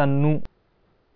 pensar no